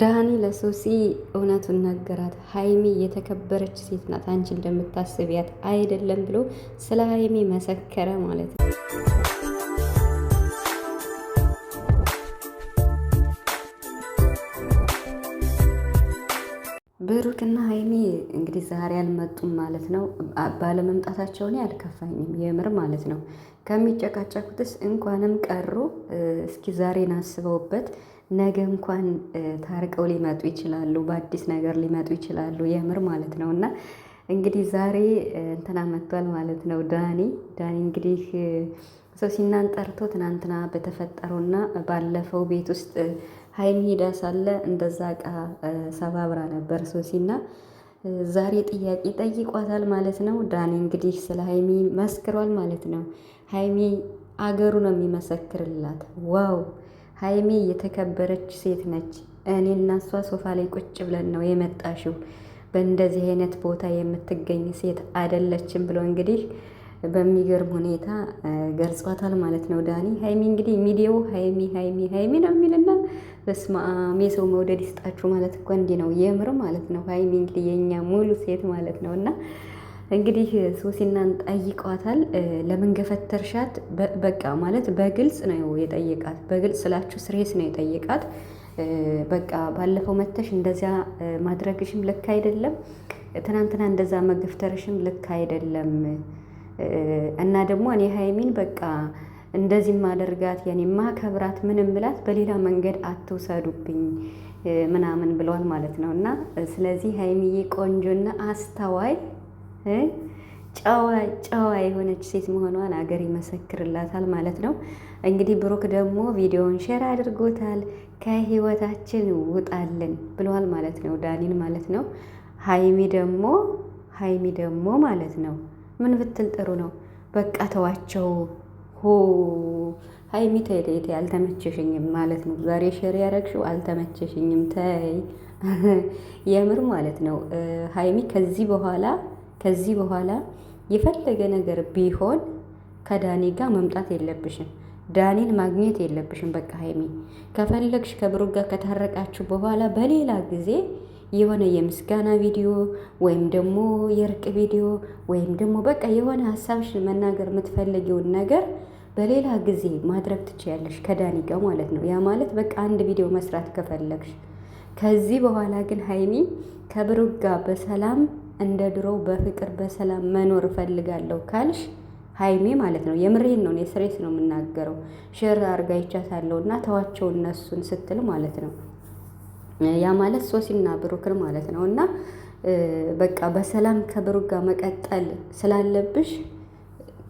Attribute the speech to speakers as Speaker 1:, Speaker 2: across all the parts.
Speaker 1: ዳኒ ለሶሲ እውነቱን ነገራት። ሀይሚ የተከበረች ሴት ናት፣ አንቺ እንደምታስቢያት አይደለም ብሎ ስለ ሀይሚ መሰከረ ማለት ነው። ብሩክና ሀይሚ እንግዲህ ዛሬ አልመጡም ማለት ነው። ባለመምጣታቸው እኔ አልከፋኝም የምር ማለት ነው። ከሚጨቃጨቁትስ እንኳንም ቀሩ። እስኪ ዛሬን አስበውበት ነገ እንኳን ታርቀው ሊመጡ ይችላሉ፣ በአዲስ ነገር ሊመጡ ይችላሉ። የምር ማለት ነው እና እንግዲህ ዛሬ እንትና መጥቷል ማለት ነው። ዳኒ ዳኒ እንግዲህ ሰው ሲናን ጠርቶ ትናንትና በተፈጠረውና ባለፈው ቤት ውስጥ ሀይሚ ሄዳ ሳለ እንደዛ እቃ ሰባብራ ነበር ሶሲና ዛሬ ጥያቄ ጠይቋታል ማለት ነው። ዳኒ እንግዲህ ስለ ሀይሚ መስክሯል ማለት ነው። ሀይሚ አገሩ ነው የሚመሰክርላት። ዋው ሀይሚ የተከበረች ሴት ነች። እኔ እና እሷ ሶፋ ላይ ቁጭ ብለን ነው የመጣሽው። በእንደዚህ አይነት ቦታ የምትገኝ ሴት አይደለችም ብሎ እንግዲህ በሚገርም ሁኔታ ገልጿታል ማለት ነው። ዳኒ ሀይሚ እንግዲህ ሚዲያው ሀይሚ ሀይሚ ሀይሚ ነው የሚልና በስመ አብ የሰው መውደድ ይስጣችሁ ማለት እኮ እንዲህ ነው የምር ማለት ነው። ሀይሚ እንግዲህ የእኛ ሙሉ ሴት ማለት ነው እና እንግዲህ ሶሲናን ጠይቋታል። ለምን ገፈተርሻት? በቃ ማለት በግልጽ ነው የጠየቃት። በግልጽ ስላችሁ ስሬስ ነው የጠየቃት። በቃ ባለፈው መተሽ እንደዚያ ማድረግሽም ልክ አይደለም፣ ትናንትና እንደዛ መገፍተርሽም ልክ አይደለም። እና ደግሞ እኔ ሀይሚን በቃ እንደዚህ ማደርጋት የኔማ ማከብራት ምንም ብላት በሌላ መንገድ አትውሰዱብኝ ምናምን ብሏል ማለት ነው። እና ስለዚህ ሀይሚዬ ቆንጆና አስተዋይ ጨዋ ጨዋ የሆነች ሴት መሆኗን አገር ይመሰክርላታል ማለት ነው። እንግዲህ ብሩክ ደግሞ ቪዲዮውን ሼር አድርጎታል። ከህይወታችን ውጣልን ብሏል ማለት ነው፣ ዳኒን ማለት ነው። ሀይሚ ደግሞ ሀይሚ ደግሞ ማለት ነው ምን ብትል ጥሩ ነው? በቃ ተዋቸው ሆ ሀይሚ ተይ ተይ ተይ አልተመቸሽኝም ማለት ነው። ዛሬ ሼር ያረግሽው አልተመቸሽኝም፣ ተይ የምር ማለት ነው ሀይሚ ከዚህ በኋላ ከዚህ በኋላ የፈለገ ነገር ቢሆን ከዳኒ ጋር መምጣት የለብሽም። ዳኒን ማግኘት የለብሽም። በቃ ሀይሚ ከፈለግሽ ከብሩ ጋር ከታረቃችሁ በኋላ በሌላ ጊዜ የሆነ የምስጋና ቪዲዮ ወይም ደግሞ የእርቅ ቪዲዮ ወይም ደግሞ በቃ የሆነ ሀሳብሽን መናገር የምትፈልጊውን ነገር በሌላ ጊዜ ማድረግ ትችያለሽ፣ ከዳኒ ጋር ማለት ነው። ያ ማለት በቃ አንድ ቪዲዮ መስራት ከፈለግሽ። ከዚህ በኋላ ግን ሀይሚ ከብሩጋ ጋር በሰላም እንደ ድሮው በፍቅር በሰላም መኖር እፈልጋለሁ ካልሽ ሀይሜ ማለት ነው። የምሬን ነው፣ ስሬስ ነው የምናገረው። ሸር አርጋ ይቻታለሁ እና ተዋቸው እነሱን ስትል ማለት ነው። ያ ማለት ሶሲና ብሩክን ማለት ነው። እና በቃ በሰላም ከብሩክ ጋር መቀጠል ስላለብሽ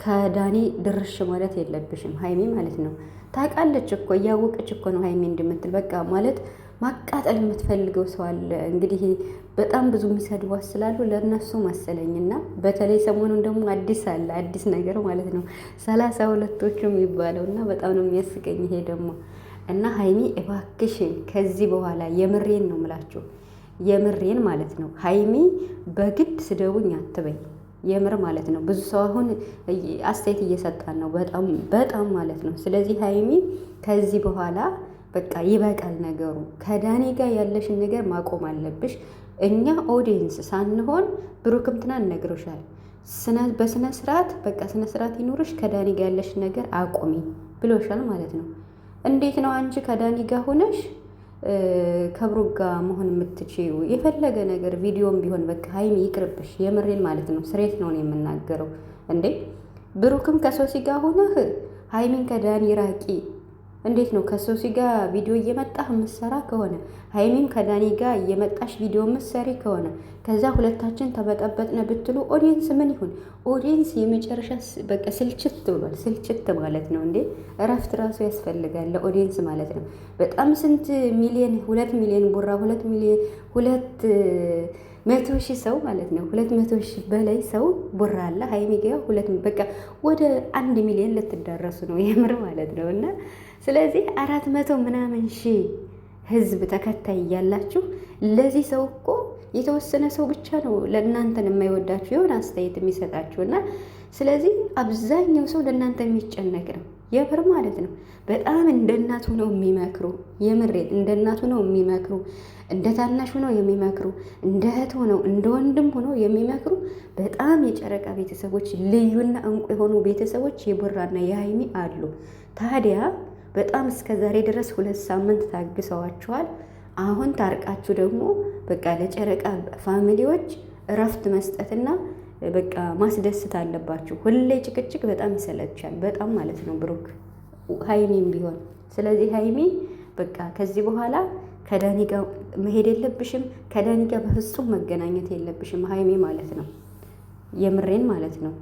Speaker 1: ከዳኒ ድርሽ ማለት የለብሽም ሀይሜ ማለት ነው። ታውቃለች እኮ እያወቀች እኮ ነው ሀይሜ እንደምትል በቃ ማለት ማቃጠል የምትፈልገው ሰው አለ። እንግዲህ በጣም ብዙ የሚሰድቧት ስላሉ ለእነሱ መሰለኝ እና በተለይ ሰሞኑን ደግሞ አዲስ አለ አዲስ ነገር ማለት ነው ሰላሳ ሁለቶቹ የሚባለው እና በጣም ነው የሚያስቀኝ ይሄ ደግሞ እና ሀይሚ እባክሽን ከዚህ በኋላ የምሬን ነው ምላችሁ የምሬን ማለት ነው ሀይሚ በግድ ስደቡኝ አትበይ። የምር ማለት ነው ብዙ ሰው አሁን አስተያየት እየሰጣን ነው በጣም በጣም ማለት ነው። ስለዚህ ሀይሚ ከዚህ በኋላ በቃ ይበቃል ነገሩ። ከዳኒ ጋር ያለሽን ነገር ማቆም አለብሽ። እኛ ኦዲየንስ ሳንሆን ብሩክም ትናንት ነግሮሻል። በስነ ስርዓት በቃ ስነ ስርዓት ይኑርሽ፣ ከዳኒ ጋር ያለሽን ነገር አቆሚ ብሎሻል ማለት ነው። እንዴት ነው አንቺ ከዳኒ ጋር ሆነሽ ከብሩክ ጋር መሆን የምትችይው? የፈለገ ነገር ቪዲዮም ቢሆን በቃ ሀይሚ ይቅርብሽ። የምሬን ማለት ነው። ስሬት ነው የምናገረው። እንዴ ብሩክም ከሶሲ ጋር ሆነህ ሀይሚን ከዳኒ ራቂ እንዴት ነው ከሶሲ ጋር ቪዲዮ እየመጣህ ምሰራ ከሆነ ሀይሚም ከዳኒ ጋር እየመጣሽ ቪዲዮ ምሰሪ ከሆነ ከዛ ሁለታችን ተበጠበጥነ ብትሉ ኦዲየንስ ምን ይሁን? ኦዲየንስ የመጨረሻ በቃ ስልችት ብሏል። ስልችት ማለት ነው እንዴ! እረፍት ራሱ ያስፈልጋል ለኦዲየንስ ማለት ነው። በጣም ስንት ሚሊየን ሁለት ሚሊየን ቡራ ሁለት ሚሊየን ሁለት መቶ ሺህ ሰው ማለት ነው። ሁለት መቶ ሺህ በላይ ሰው ቡራ አለ ሀይሚ ጋ ሁለት በቃ ወደ አንድ ሚሊየን ልትዳረሱ ነው የምር ማለት ነው እና ስለዚህ አራት መቶ ምናምን ሺህ ህዝብ ተከታይ እያላችሁ ለዚህ ሰው እኮ የተወሰነ ሰው ብቻ ነው ለእናንተን የማይወዳችሁ የሆነ አስተያየት የሚሰጣችሁ እና ስለዚህ አብዛኛው ሰው ለእናንተ የሚጨነቅ ነው የብር ማለት ነው። በጣም እንደ እናቱ ነው የሚመክሩ የምሬን እንደ እናቱ ነው የሚመክሩ፣ እንደ ታናሹ ነው የሚመክሩ፣ እንደ እህት ሆነው እንደ ወንድም ሆነው የሚመክሩ በጣም የጨረቃ ቤተሰቦች ልዩና እንቁ የሆኑ ቤተሰቦች የቦራና የሀይሚ አሉ ታዲያ በጣም እስከ ዛሬ ድረስ ሁለት ሳምንት ታግሰዋችኋል። አሁን ታርቃችሁ ደግሞ በቃ ለጨረቃ ፋሚሊዎች እረፍት መስጠትና በቃ ማስደስት አለባችሁ። ሁሌ ጭቅጭቅ በጣም ይሰለቻል፣ በጣም ማለት ነው ብሩክ ሀይሚም ቢሆን። ስለዚህ ሀይሚ በቃ ከዚህ በኋላ ከዳኒ ጋር መሄድ የለብሽም፣ ከዳኒ ጋር በፍጹም መገናኘት የለብሽም ሀይሚ ማለት ነው። የምሬን ማለት ነው።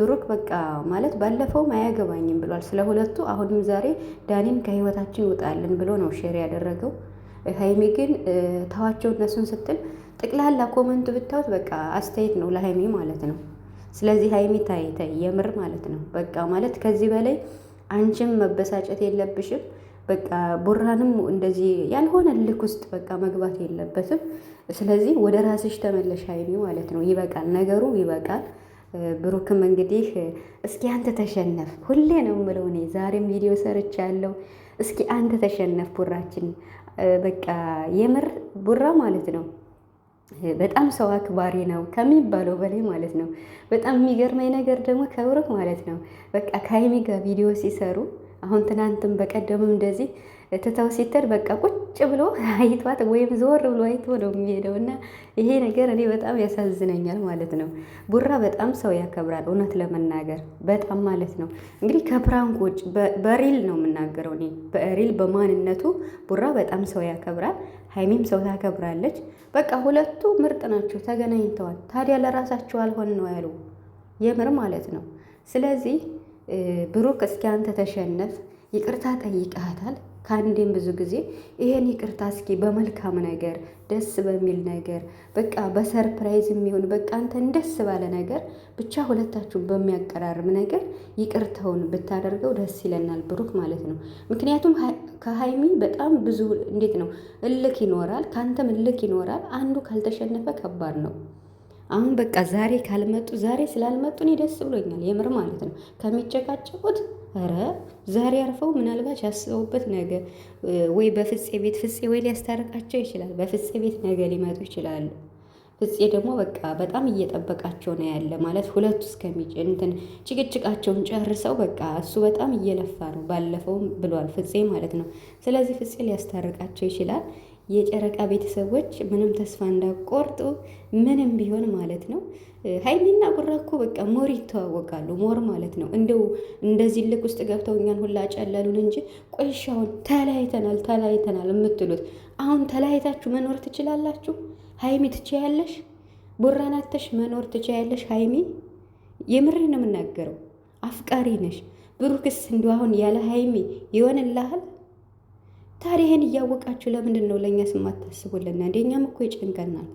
Speaker 1: ብሩክ በቃ ማለት ባለፈውም አያገባኝም ብሏል። ስለ ሁለቱ አሁንም ዛሬ ዳኒም ከህይወታችን ውጣልን ብሎ ነው ሼር ያደረገው። ሀይሚ ግን ተዋቸው እነሱን ስትል ጠቅላላ ኮመንቱ ብታዩት በቃ አስተያየት ነው ለሀይሚ ማለት ነው። ስለዚህ ሀይሚ ታይ ታይ የምር ማለት ነው። በቃ ማለት ከዚህ በላይ አንቺም መበሳጨት የለብሽም። በቃ ቡራንም እንደዚህ ያልሆነ ልክ ውስጥ በቃ መግባት የለበትም። ስለዚህ ወደ ራስሽ ተመለሽ ሀይሚ ማለት ነው። ይበቃል፣ ነገሩ ይበቃል። ብሩክም እንግዲህ እስኪ አንተ ተሸነፍ፣ ሁሌ ነው የምለው እኔ ዛሬም ቪዲዮ ያለው እስኪ አንተ ተሸነፍ ቡራችን፣ በቃ የምር ቡራ ማለት ነው በጣም ሰው አክባሪ ነው ከሚባለው በላይ ማለት ነው። በጣም የሚገርመኝ ነገር ደግሞ ከብሩክ ማለት ነው በቃ ከሀይሚ ጋር ቪዲዮ ሲሰሩ አሁን ትናንትም በቀደምም እንደዚህ ትተው ሲተር በቃ ቁጭ ብሎ አይቷት ወይም ዞር ብሎ አይቶ ነው የሚሄደው እና ይሄ ነገር እኔ በጣም ያሳዝነኛል ማለት ነው። ቡራ በጣም ሰው ያከብራል እውነት ለመናገር በጣም ማለት ነው። እንግዲህ ከፕራንክ ውጭ በሪል ነው የምናገረው እኔ በሪል በማንነቱ ቡራ በጣም ሰው ያከብራል። ሀይሚም ሰው ታከብራለች። በቃ ሁለቱ ምርጥ ናቸው፣ ተገናኝተዋል። ታዲያ ለራሳቸው አልሆን ነው ያሉ የምር ማለት ነው። ስለዚህ ብሩክ እስኪ አንተ ተሸነፍ፣ ይቅርታ ጠይቀሃታል ከአንዴም ብዙ ጊዜ ይሄን ይቅርታ እስኪ በመልካም ነገር ደስ በሚል ነገር በቃ በሰርፕራይዝ የሚሆን በቃ አንተን ደስ ባለ ነገር ብቻ ሁለታችሁን በሚያቀራርብ ነገር ይቅርታውን ብታደርገው ደስ ይለናል፣ ብሩክ ማለት ነው። ምክንያቱም ከሀይሚ በጣም ብዙ እንዴት ነው እልክ ይኖራል፣ ከአንተም እልክ ይኖራል። አንዱ ካልተሸነፈ ከባድ ነው። አሁን በቃ ዛሬ ካልመጡ ዛሬ ስላልመጡ እኔ ደስ ብሎኛል፣ የምር ማለት ነው ከሚጨቃጨቁት ኧረ ዛሬ አርፈው ምናልባት ያስበውበት ነገ ወይ በፍፄ ቤት ፍፄ ወይ ሊያስታርቃቸው ይችላል። በፍፄ ቤት ነገ ሊመጡ ይችላሉ። ፍፄ ደግሞ በቃ በጣም እየጠበቃቸው ነው ያለ ማለት ሁለቱ እስከሚጭ እንትን ጭቅጭቃቸውን ጨርሰው በቃ እሱ በጣም እየለፋ ነው። ባለፈውም ብሏል ፍፄ ማለት ነው። ስለዚህ ፍፄ ሊያስታርቃቸው ይችላል። የጨረቃ ቤተሰቦች ምንም ተስፋ እንዳቆርጡ ምንም ቢሆን ማለት ነው። ሀይሚና ቡራ እኮ በቃ ሞር ይተዋወቃሉ፣ ሞር ማለት ነው። እንደው እንደዚህ ልክ ውስጥ ገብተው እኛን ሁላ ጨለሉን እንጂ ቆይሻውን ተለያይተናል ተለያይተናል የምትሉት አሁን ተለያይታችሁ መኖር ትችላላችሁ? ሀይሚ ትችያለሽ? ቡራን አተሽ መኖር ትችያለሽ? ሀይሚ የምር ነው የምናገረው፣ አፍቃሪ ነሽ። ብሩክስ እንደው አሁን ያለ ሀይሚ ይሆንልሃል? ታዲያ ይህን እያወቃችሁ ለምንድን ነው ለእኛ ስማታስቡልን? እንደኛም እኮ ይጨንቀናል።